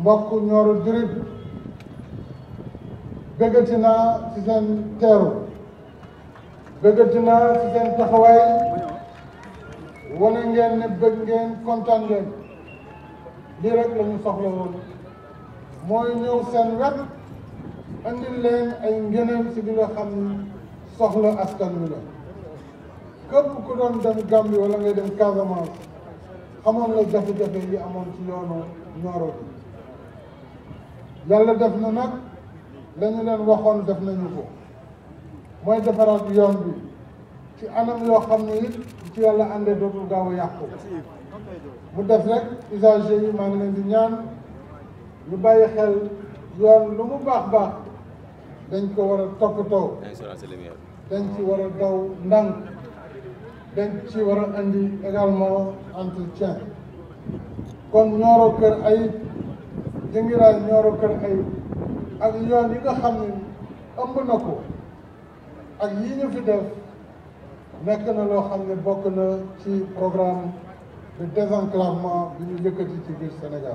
mbokk ñooru dirib bëggati naa ci seen teeru bëggati naa ci seen taxawaay wane ngeen ne bëgg ngeen kontaan ngeen lii rek la ñu mooy ñëw seen wet andil leen ay ngëneel ci li nga xam soxla askan wi la képp ku doon dem Gambie wala ngay dem Casamance amoon na jafe-jafe yi amoon ci yoonu Nioro bi def na nag la ñu leen waxoon def nañu ko mooy defaraat yoon bi ci anam yoo xam ne it ci yàlla àndee dootul gaaw a yàqu mu def rek usagers yi maa ngi leen di ñaan ñu bàyyi xel yoon lu mu baax baax dañ ko wara a toppatoo dañ ci war a daw ndànk dañ ci war a andi également entretien kon Nioro Kër Ayib Dingiraay Nioro Kër Ayib ak yoon yi nga xam ne ëmb na ko ak yi ñu def nekk na loo xam ne bokk na ci programme de désenclavement bi ñu yëkkati ci biir Sénégal